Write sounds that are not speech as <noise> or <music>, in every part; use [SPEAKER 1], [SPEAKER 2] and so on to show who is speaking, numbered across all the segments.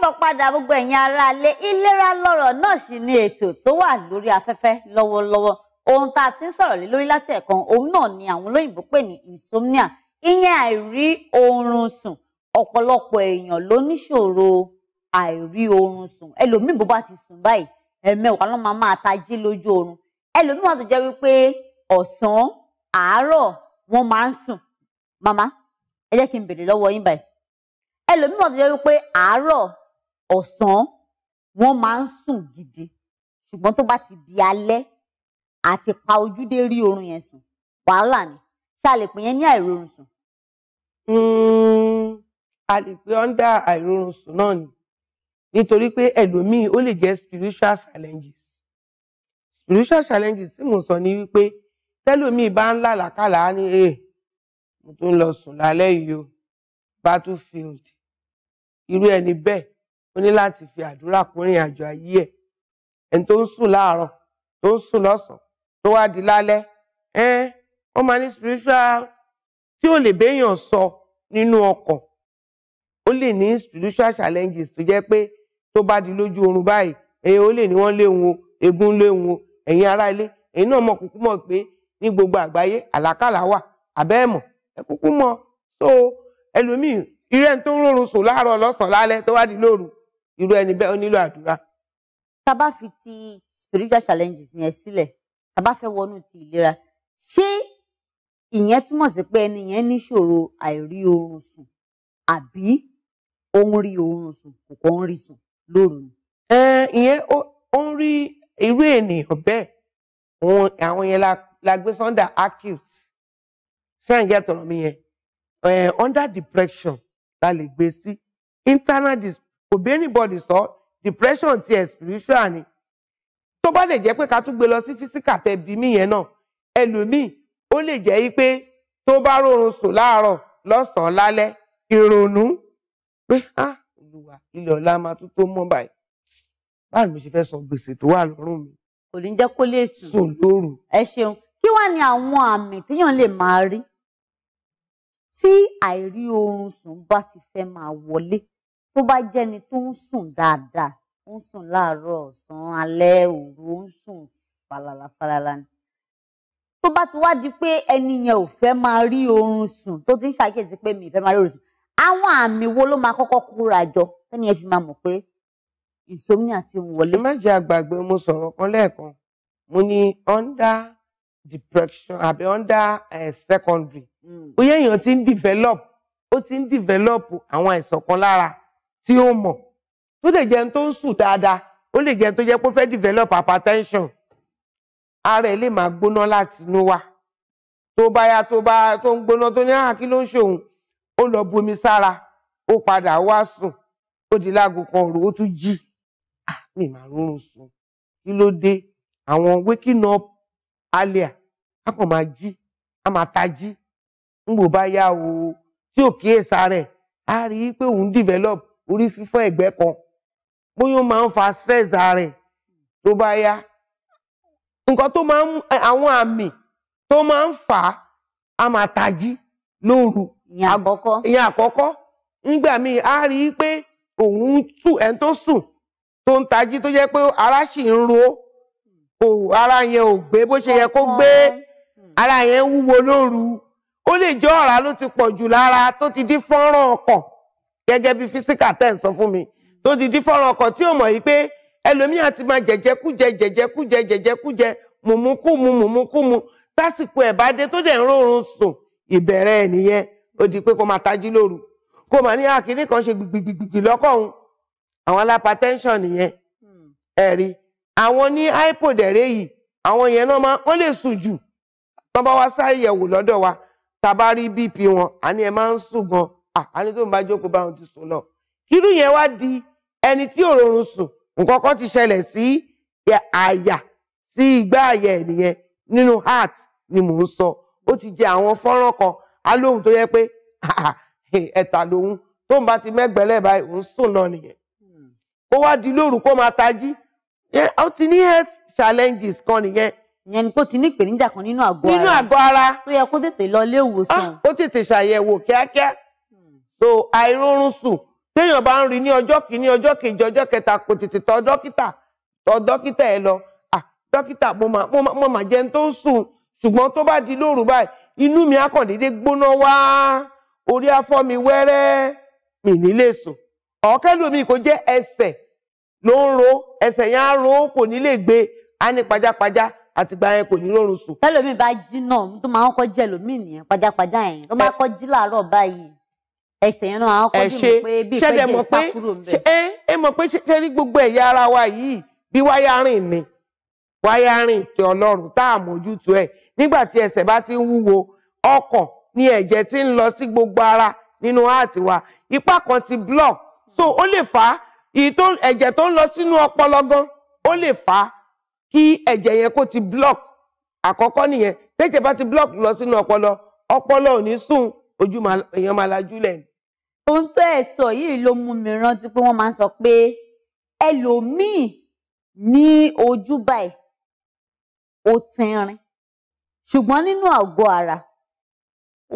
[SPEAKER 1] káàbọ̀ padà gbogbo ẹ̀yin aráalé ìlera lọ́rọ̀ náà sì ni ètò tó wà lórí afẹ́fẹ́ lọ́wọ́lọ́wọ́ ohun tá a ti ń sọ̀rọ̀ lé lórí láti ẹ̀kan òun náà ni àwọn olóyìnbó pè ní insomnia ìyẹn àìrí oorun sùn ọ̀pọ̀lọpọ̀ èèyàn ló níṣòro àìrí oorun sùn ẹlòmíì bó bá ti sùn báyìí ẹ̀mẹ́wàá ló máa máa tají lójú oorun ẹlòmíì wọn tó jẹ́ wípé ọ̀sán àárọ̀ wọn máa ń sùn màmá ẹ jẹ́ kí n bèrè lọ́wọ́ yín báyìí ẹlòmíì wọn tó jẹ́ wípé àárọ̀ ọ̀sán wọ́n máa ń sùn gidi ṣùgbọ́n tó bá ti di alẹ́ àti pa ojú dé rí oorun yẹn sùn wàhálà ni ṣá lè pè yẹn ní àìrórun sùn.
[SPEAKER 2] Hmm, a lè pe ọ́ndà àìrórun sùn náà ni nítorí pé ẹlòmíì ó lè jẹ́ spiritual challenges spiritual challenges tí mo sọ ni wípé tẹlòmíì bá ń làlàkàlà á ní ee eh, mo tún lọ sùn lálẹ́ yìí o battlefield irú ẹni bẹ́ẹ̀ ó ní láti fi àdúrà kúnrin àjò ayé ẹ̀ ẹni tó ń sùn láàárọ̀ tó ń sùn lọ́sàn tó wá di lálẹ́ ẹn wọ́n máa ní spiritual tí ò lè béèyàn sọ nínú ọkàn ó lè ní spiritual challenges tó jẹ́ pé tó bá di lójú oorun báyìí ẹ̀yin ó lè ní wọ́n léwu o egun léwu o ẹ̀yin ará ilé ẹ̀yin náà mọ̀ kúkú mọ̀ pé ní gbogbo àgbáyé àlákàlà wà àbẹ́ ẹ kúkú mọ̀ so ẹlòmíì irẹ́ ń tó ń rọrùn sùn láàárọ̀ lọ́sàn-án lálẹ́ tó wá di lóru irú ẹni bẹ́ẹ̀ ó nílò àdúrà. tá a bá fi ti spiritual
[SPEAKER 1] challenges yẹn sílẹ̀ tá a bá fẹ́ wọnú ti ìlera ṣé ìyẹn túmọ̀ sí pé ẹni yẹn níṣòro àìrí oorun sùn àbí ó ń rí oorun
[SPEAKER 2] sùn kò kọ́ ń rí sùn lóru ni. ẹ ìyẹn ó ń rí irú ènìyàn bẹ́ẹ̀ òun àwọn yẹn la gbé sọ́ndà acute ṣáàjẹ́ tọ̀rọ̀ mi yẹn under depression la lè gbé sí internal kò bá anybody sọ depression tiẹ̀ spiritual ni tó bá lè jẹ́ pé ká tún gbé lọ sí physical tẹ̀bí mi yẹn náà ẹlòmíì ó lè jẹ́ pé tó bá rọrùn sùn láàárọ̀ lọ́sàn-án lálẹ́ ìrònú pé ah olùwà ilé ọ̀la máa tún tó mọ́ báyìí báwo ni mo ṣe fẹ́ sọ gbèsè tó wà lọ́rùn mi. kò
[SPEAKER 1] ní jẹ́ kó lè sùn lóru. ẹ ṣeun kí wàá ní àwọn àmì téèyàn lè máa rí tí àìrí oorun sùn bá ti fẹ́ máa wọlé tó bá jẹ́ni tó ń sùn dáadáa ń sùn láàárọ̀ ọ̀sán alẹ́ òru ń sùn falala falala ni tó bá ti wá di pé ẹni yẹn ò fẹ́ máa rí oorun sùn tó ti ń ṣàkíyèsí pé mi ì fẹ́ máa rí oorun sùn àwọn àmì wo ló máa kọ́kọ́ kóra jọ
[SPEAKER 2] tẹ́ni yẹn fi máa mọ̀ pé insomnia ti ń wọlé. má mo sọ̀rọ̀ kan lẹ́ẹ̀kan mo ní under depression àbí under uh, secondary hmm. bóyá èèyàn ti ń develop ó ti ń develop àwọn àìsàn kan lára tí ó mọ̀ tó lè jẹun tó ń sùn dáadáa ó lè jẹun tó jẹ́ pé ó fẹ́ develop hypertension ara ẹ̀ lè máa gbóná láti inú wá tó bá yá tó bá tó ń gbóná tó ní àhà ah, kí ló ń ṣòun ó lọ bomi sára ó padà wá sùn ó di láago kan òru ó tún jí ah, mi máa rọrùn sùn kí ló dé àwọn waking up earlier a kàn máa jí a máa tají ń bò bá yá o tí ò kíyèsára ẹ̀ á rí i pé òun develop orí fífọ́ ẹ̀gbẹ́ kan bóyá ó máa ń fa stress ààrẹ tó bá yá nǹkan tó máa ń àwọn àmì tó máa ń fà á a máa tají lóru ìyẹn àkọ́kọ́ ìyẹn àkọ́kọ́ ńgbà míì a rí i pé òun tù ẹni tó sùn tó ń tají tó jẹ́ pé ara sì ń ro o ara yẹn ò gbé bó ṣe yẹ kó gbé ara yẹn wúwo lóru ó lè jọ ọ̀rá ló ti pọ̀ jù lára tó ti di fọ́nrán ọkàn gẹ́gẹ́ bí físíkà tẹ̀ ń sọ fún mi tó ti di fọ́rọ̀ ọkọ̀ tí ò mọ̀ yìí pé ẹlòmíà ti máa jẹ̀jẹ̀kújẹ jẹ̀jẹ̀kújẹ jẹ̀jẹ̀kújẹ mùmúkùmù mùmúkùmù tásìkò ẹ̀ bá dé tó dẹ̀ ń rọrùn sùn ìbẹ̀rẹ̀ ẹ̀ nìyẹn ó di pé kó máa tají lóru kó máa ní àkíní ah, kan ṣe gbìgbìgbìgbì lọ́kọ̀ òun àwọn alápatẹ́ńṣọ̀n nìyẹn hmm. ẹ̀rí àwọn ní hypodẹ̀rẹ́ yìí àwọn yẹn náà máa wọ́n lè sùn jù tán bá wá sáyẹ̀wò lọ́dọ̀ wa tá a bá rí bp wọn àní ẹ máa ń sùn gan-an àní ah, tó ń bá jókòó bá wọn ti sùn lọ kírú yẹn wá di ẹni tí òrórùn sùn nǹkan kan ti ṣẹlẹ̀ sí àyà sí igbá àyà ẹnìyẹn nínú heart ni mò ń sọ ó ti jẹ àwọn fọ́nrán kan alóhùn tó yẹ pé ẹ̀ta lòun tó ń bá ti mẹ́gbẹ̀lẹ́ báyìí òun sùn lọ nìyẹn kó wá di lóru kó máa tají ó ti ní health challenges
[SPEAKER 1] kan nìyẹn. ìyẹn ni kó ti ní ìpèníjà kan nínú àgọ́ ara nínú àgọ́ ara tó yẹ kó tètè lọ ilé ìwòsàn.
[SPEAKER 2] Ah, ó tètè ṣàyẹ̀wò kíákíá so àìrórun sùn téèyàn bá ń rí ní ọjọ́ kìíní ọjọ́ kejì ọjọ́ kẹta kò tètè tọ̀ dókítà tọ̀ dókítà ẹ lọ ah dókítà mo mà mo mà jẹun tó ń sùn ṣùgbọ́n tó bá di lóru báyìí inú mi á kàn déédéé gbóná wá orí afọ́ mi wẹ́rẹ́ mi nílé sùn ọ̀kẹ́lòmíì kò jẹ́ ẹsẹ̀ ló ń ro ẹsẹ̀ yẹn á ro kò ní lè gbé á ní pajápajá àtìgbà yẹn kò ní rọrùn sùn. tẹ́lómi bá jí náà tó máa ń kọ́ jẹ́ lómi nìyẹn pajápajá
[SPEAKER 1] yẹn tó máa kọ́ jí láàárọ̀ báyìí ẹsẹ̀ yẹn náà àwọn kọjú mi pé bí ìpẹ́jẹ sá kúrò
[SPEAKER 2] ń bẹ̀. ẹ ẹ mọ̀ pé ṣe rí gbogbo ẹ̀yà ara wa yìí bí wáyárìn ni wáyárìn tí ọlọ́run tá a mójútó ẹ̀ nígbà tí ẹsẹ̀ bá ti ń wúwo ọkàn ni ẹ̀jẹ̀ ti ń lọ sí gbogbo ara nínú àti wa ipá kan ti block so ó lè fà á ẹ̀jẹ̀ tó ń lọ sínú ọpọlọ gan ó lè fà á kí ẹ̀jẹ̀ yẹn kó ti block àkọ́kọ́ nìyẹn tẹ́jẹ̀ bá ti block lọ sínú ọpọlọ ọpọlọ ò ní sùn ojú èèyàn máa lajú lẹ́nu ohun tó ẹ sọ yìí ló mú mi rántí pé
[SPEAKER 1] wọ́n máa ń sọ pé ẹlòmíì ní ojú báyìí ó tẹrin ṣùgbọ́n nínú àgọ́ ara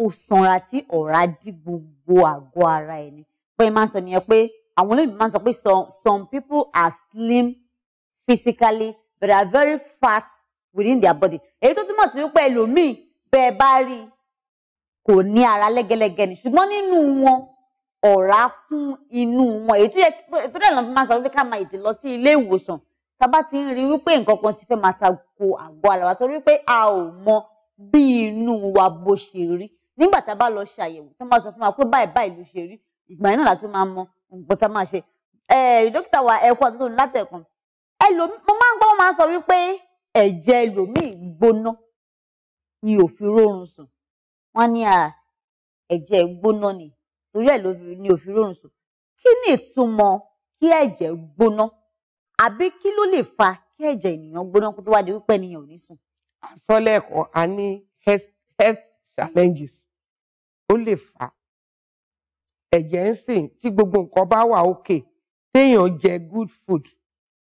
[SPEAKER 1] ó sanra tí ọ̀rá dí gbogbo àgọ́ ara ẹ̀ ni pé máa ń sọ nìyẹn pé àwọn olóyìnbó máa ń sọ pé some people are slim physically but they are very fat within their body èyí tó túmọ̀ sí wípé ẹlòmíì bẹ́ẹ̀ bá rí kò ní ara lẹ́gẹ́lẹ́gẹ́ ni ṣùgbọ́n nínú wọn ọ̀rá kún inú wọn èyí tó dẹ̀ lọ́n fi máa sọ wípé ká máa ètè lọ sí ilé ìwòsàn tá bá ti ń rí wípé nǹkan kan ti fẹ́ máa ta ko àgọ́ ara wa torí pé a ò mọ bí inú wa bó ṣe rí nígbà tá a bá lọ ṣàyẹ̀wò tó máa sọ fún wa pé báyìí báyìí ló ṣe rí ìgbà náà la máa mọ nǹkan tá a máa ṣe dókítà wa ẹ̀kọ́ àtúntò látẹ̀kùn mo máa ń gbọ́ máa sọ wípé ẹ̀jẹ̀ ẹlòmíì gbóná ni ò fi rórun sùn wọ́n ní ẹ̀jẹ̀ gbóná ni torí ẹ̀ ni ò fi rọrùn sùn kí ni ìtumọ̀ kí ẹ̀jẹ̀ gbóná àbí kí ló lè fa kí ẹ̀jẹ̀ ènìyàn gbóná kó tó wá di
[SPEAKER 2] wípé ènìyàn ò ní sùn. àsọlẹ́ẹ̀kọ́ a ní health challenges ó lè fà á ẹ̀jẹ̀ ń sìn tí gbogbo nǹkan bá wà òkè téèyàn jẹ good food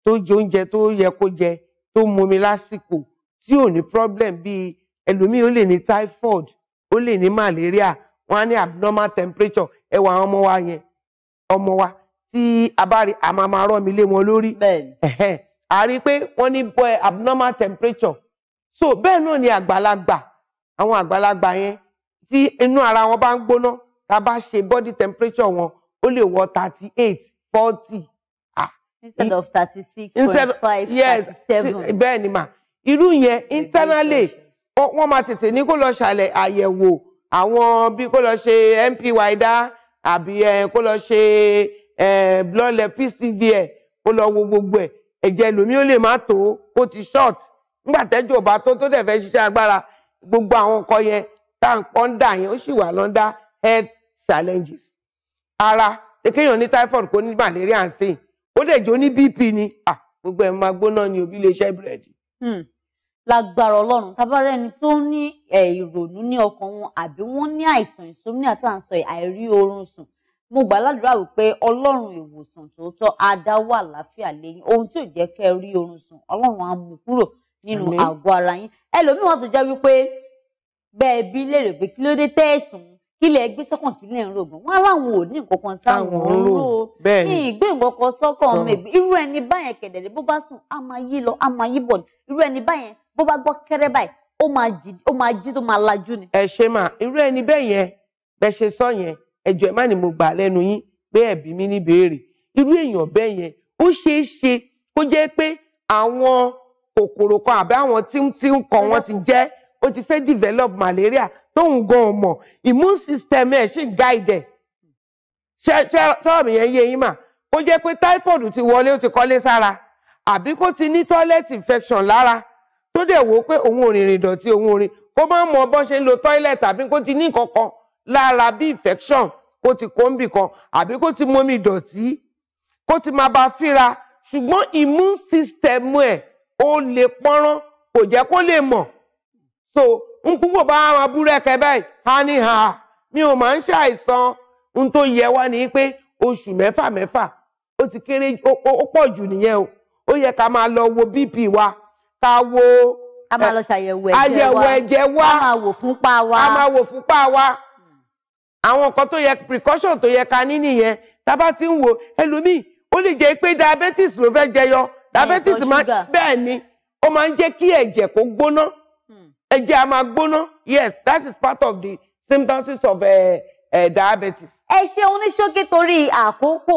[SPEAKER 2] tó jẹ oúnjẹ tó yẹ kó jẹ tó mumi lásìkò tí ò ní problem bíi ẹlòmíì ó lè ní typhoid ó lè ní malaria wọ́n á ní abnormal temperature ẹ wà àwọn ọmọ wa yẹn ọmọ wa tí a bá rí àmọ́ máa rọ́ mi lé wọn lórí a rí i pé wọ́n ní boy eh, abnormal temperature so bẹ́ẹ̀ náà ni àgbàlagbà àwọn àgbàlagbà yẹn tí inú ara wọn bá ń gbóná tá a bá ṣe body temperature wọn ó lè wọ thirty eight forty instead of thirty six point five thirty seven. bẹ́ẹ̀ ni mà irú yẹn internally wọ́n máa tètè ní kó lọ ṣàlẹ̀ àyẹ̀wò àwọn bí kó lọ ṣe MPY dá àbí kó lọ ṣe blọlẹ PCVN kó lọ wo gbogbo ẹ ẹ̀jẹ̀ lómi ó lè má tó ó ti short nígbà tẹ́jú ò bá tó tó dẹ̀ fẹ́ ṣiṣẹ́ agbára gbogbo àwọn nǹkan yẹn tá à ń pọ́n dà yẹn ó sì wà lọ́ndà health challenges ara kéèyàn ní typhoid kó ní malaria ń sìn ó dẹ̀ jó ní BP ni gbogbo ẹ̀ máa gbóná ni òbí lè ṣe búrẹ́dì
[SPEAKER 1] lágbára ọlọ́run tábàárẹ̀ ẹni tó ní ìrònú ní ọkàn wọn àbí wọ́n ní àìsàn ìsomíà tá à ń sọ àìrí oorun sùn mo gbà ládùúrà wípé ọlọ́run ìwòsàn tòótọ́ á dá wà láfíà lẹ́yìn ohun tí ò jẹ́ kẹ́ ẹ rí oorun sùn ọlọ́run á mú kúrò nínú àgọ́ ara yín ẹlòmíì wọn tó jẹ́ wípé bẹ́ẹ̀ bí léèrè pé kí ló dé tẹ́ẹ̀sùn kí lè gbé sọ́kàn kí lè ń rògùn wọn aláwọn ò ní nǹkan kan táwọn ń rò ó ní ìgbé nǹkan kan sọ́kàn irú ẹni báyẹn kẹ̀dẹ̀dẹ̀ bó bá sùn á máa yí lọ á máa yí bọ̀ irú ẹni báyẹn bó bá gbọ́ kẹ́rẹ́ báyìí ó máa jí tó máa lajú ni.
[SPEAKER 2] ẹ ṣe mà irú ẹni bẹ́ẹ̀ yẹn bẹ́ ṣe sọ yẹn ẹjọ́ ẹ má ní mo gbà lẹ́nu yín pé ẹ̀bí mi ní irú èèyàn bẹ́ẹ̀ yẹn ó ṣeé ṣe kó jẹ́ pé àwọn kòkòrò kan àbí àwọn tíńtíń kan wọ́n ti jẹ́ ó ti fẹ́ develop malaria tóun gan ọmọ immune system ẹ̀ ṣì ń guide ẹ̀ ṣe ṣe tọ́ọ̀ mi yẹn yé yín mà kó jẹ́ pé typhoid ti wọlé ó ti kọ́lé sára àbí kó ti ní toilet infection lára tó dẹ̀ wò ó pé òun ò rìnrìn ìdọ̀tí òun ò rìn kó má mọ bó ṣe ń lo toilet tàbí kó ti ní kankan lára bí infection kó ti kó ń bì kan àbí kó ti mọmi ìdọ̀tí kó ti máa bá fíra ṣùgbọ́n immune system ẹ̀ ó lè pọ́nrán kò jẹ́ kó lè mọ̀ so n púpọ̀ bá wọn búrẹ́kẹ báyìí a ní ha mi ò máa ń ṣàìsàn n tó yẹ wá ni pé oṣù mẹ́fà mẹ́fà ó ti kéré ó pọ̀ jù nìyẹn o ó yẹ ká máa lọ wo bp wa ká wo a máa lọ ṣàyẹ̀wò ẹ̀jẹ̀ wa a máa wò fúnpá wa a máa wò fúnpá wa àwọn nǹkan tó yẹ precaution tó yẹ ká ní nìyẹn tá a bá ti ń wo ẹlòmíì ó lè jẹ́ pé diabetes ló fẹ́ jẹyọ diabetes máa bẹ́ẹ̀ ni ó máa ń jẹ́ kí ẹ̀jẹ̀ kó gbóná hmm. ẹ̀jẹ̀ a máa gbóná yes that is part of the symptoms of uh, uh, diabetes.
[SPEAKER 1] ẹ ṣeun ní ṣókí torí àkókò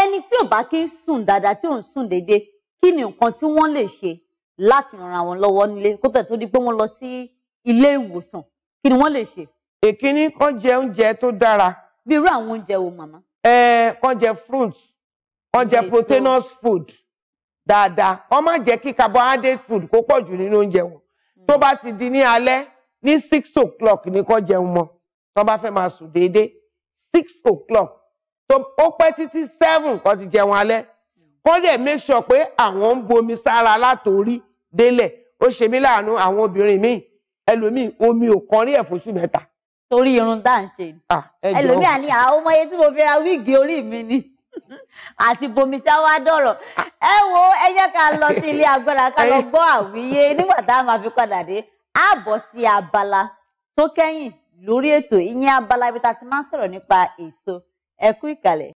[SPEAKER 1] ẹni tí ò bá kí ń sùn dáadáa tí ò ń sùn déédéé kí ni nǹkan tí wọ́n lè ṣe láti ràn àwọn lọ́wọ́ nílé kó tẹ̀ tó di pé wọ́n lọ sí ilé ìwòsàn kí ni wọ́n lè ṣe. èkínní
[SPEAKER 2] kàn jẹ oúnjẹ tó dára. bí irú àwọn
[SPEAKER 1] oúnjẹ wo màmá.
[SPEAKER 2] ẹ kàn jẹ fruit kàn jẹ proteinous food dáadáa wọ́n má jẹ́ kí carbohydrate food kó pọ̀ jù nínú oúnjẹ wọn hmm. tó bá ti di ní alẹ́ ní six o'clock ni kó jẹun mọ́ tó bá fẹ́ máa sùn déédéé six o'clock tó ó pẹ́ títí seven kó ti jẹun alẹ́ kọ́ dẹ̀ make sure pé àwọn ń bomi sára látòrí délẹ̀ ó ṣe mí láàánú àwọn obìnrin míì ẹlòmíì omi ò kan rí ẹ̀ fóṣù mẹ́ta. torí
[SPEAKER 1] irun tá à ń ṣe ẹlòmíì àní àwọn ọmọ yẹn tí mo fi ra wíìgì orí mi ni <laughs> àti bomi wá dọ̀rọ̀ ẹ wo ẹ jẹ́ ká lọ sí ilé agbára ká lọ gbọ́ àwíyé nígbà tá a máa fi padà dé a bọ̀ sí abala tó kẹ́yìn lórí ètò ìyẹn abala ibi tá a ti máa ń sọ̀rọ̀ nípa èso ẹ kú ìkàlẹ̀.